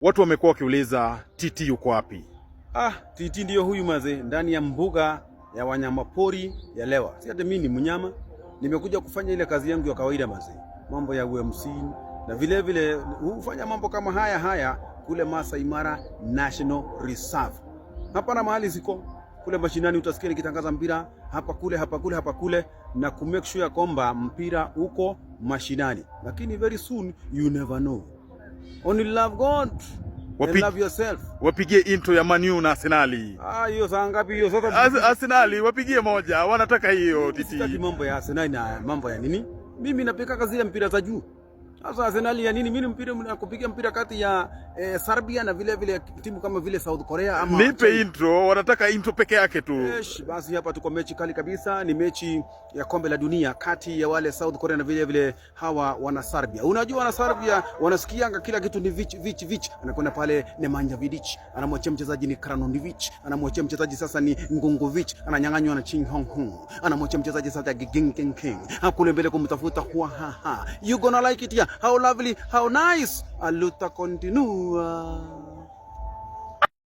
Watu wamekuwa wakiuliza Titi yuko wapi? Ah, Titi ndiyo huyu maze, ndani ya mbuga ya wanyama pori ya Lewa. Si hata mimi ni mnyama, nimekuja kufanya ile kazi yangu ya kawaida maze, mambo ya UMC na vile vile hufanya mambo kama haya haya kule Masai Mara National Reserve. Hapa na mahali ziko kule mashinani, utasikia nikitangaza mpira hapa kule hapa kule hapa kule, na kumake sure kwamba mpira uko mashinani, lakini very soon you never know. Only love God. Wapi... Love yourself. Wapigie intro ya Man U na Arsenal. Ah, hiyo saa ngapi hiyo sasa? As, Arsenal wapigie moja, wanataka hiyo titi. Sitaki mambo ya Arsenal na mambo ya nini? Mimi napeka kazi ya mpira za juu. Sasa Arsenal ya nini? Mimi mpira mna kupiga mpira kati ya eh, Serbia na vile vile timu kama vile South Korea ama Nipe intro, wanataka intro peke yake tu. Yes, eh, basi hapa tuko mechi kali kabisa, ni mechi ya kombe la dunia kati ya wale South Korea na vile vile hawa wana Serbia. Unajua wana Serbia wanasikianga kila kitu ni vich vich vich. Anakwenda pale Nemanja Vidic, anamwachia mchezaji ni Krasnodivic, anamwachia mchezaji sasa ni Ngungovic, ananyang'anywa na Ching Hong Hong. Anamwachia mchezaji sasa ya Ging King King. Hakule mbele kumtafuta kwa ha ha. You gonna like it ya how lovely, how nice. Aluta continua.